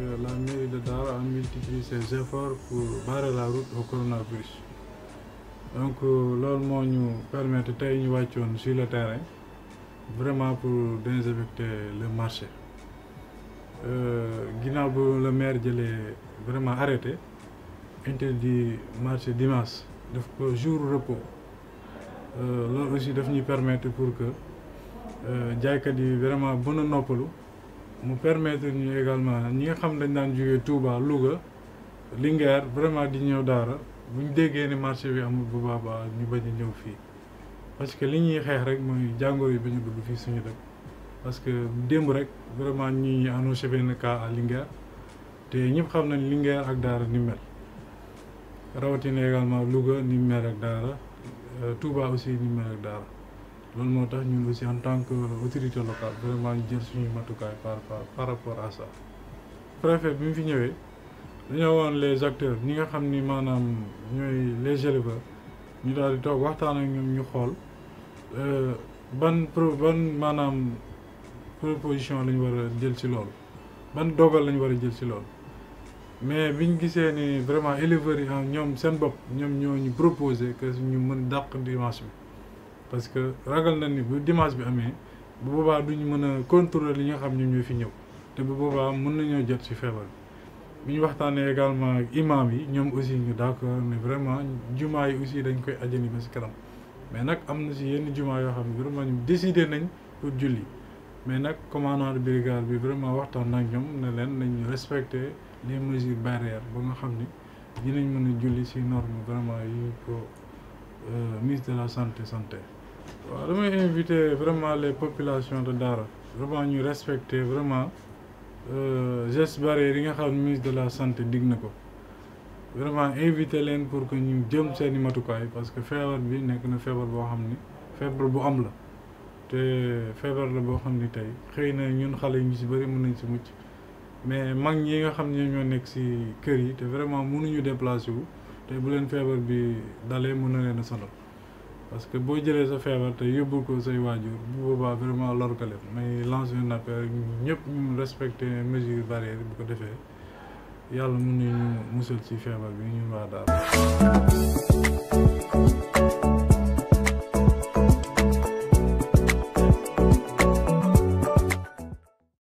Euh, la mairie de Dara a multiplié ses efforts pour barrer la route au coronavirus donc euh, loolu nous permet de faire ñu sur le terrain vraiment pour désinfecter le marché Euh, le maire l'a vraiment arrêté interdit marché dimanche daf jours jour repos euh, loolu aussi daf permettre pour que jaaykat yi vraiment bonne a mu permettre ñu également ñi nga xam dañ daan jógee Touba Louga Linguère vraiment di ñëw Daara bu ñu déggee ni marché bi amul bu baax ñu bañ a ñëw fii parce que li ñuy xeex rek mooy jàngoro yi ba ñu dugg fii suñu dëkk parce que démb rek vraiment ñuy annoncé benn cas à te ñëpp xam nañ Linguère ak Daara ni mel rawatina également Louga ni mel ak Daara euh, Touba aussi ni mel ak Daara. loolu moo tax ñun aussi en tant que autorité locale vraiment jël suñu matukaay par par rapport à sa préfet bi mu fi ñëwee dañoo woon les acteurs ñi nga xam ni maanaam ñooy les éleveurs ñu daal di toog waxtaan ak ñoom ñu xool euh, ban pro ban maanaam proposition lañ war a jël si loolu ban dogal lañ war a jël si loolu mais bi biñ gisee ni vraiment éleveurs yi ah, ñoom seen bopp ñoom ñoo ñu proposé que ñu mën dàq dimanche bi. parce que ragal na ni bu dimanche bi amee bu boobaa duñu mën a contrôler li nga xam ñoom ñoo fi ñëw te bu boobaa mën nañoo jot ci feebar bi ñu waxtaanee également ak imam yi ñoom aussi ñu d'accord ne vraiment jumaa yi aussi dañ koy ajani ba si kanam mais nag am na si yenn jumaa yoo xam ne vraiment ñu décidé nañ pour julli mais nag commandant de brigade bi vraiment waxtaan nag ñoom ne leen nañ respecter les mesures barrières ba nga xam ni dinañ mën a julli si norme vraiment yi ko euh, ministre de la santé santé waaw damay inviter vraiment les populations de Daara vraiment ñu respecter vraiment euh, gestes barrières yi nga xam ne ministre de la santé digg na ko vraiment inviter leen pour que ñu jëm seeni matukaay parce que feebar bi nekk na feebar boo xam ni feebar bu am la te feebar la boo xam ni tey xëy na ñun xale ñu si bëri mun nañ si mucc mais mag ñi nga xam ne ñoo nekk si kër yi te vraiment mënuñu déplacer wu te bu leen feebar bi dalee mën na leen a sonal. parce que boo jëlee sa feebar te yóbbul ko say waajur bu boobaa vraiment lor ko leen may lance un appel ñëpp ñu respecté mesure barrière bu ko defee yàlla mën nañu musal ci feebar bi ñun waa daal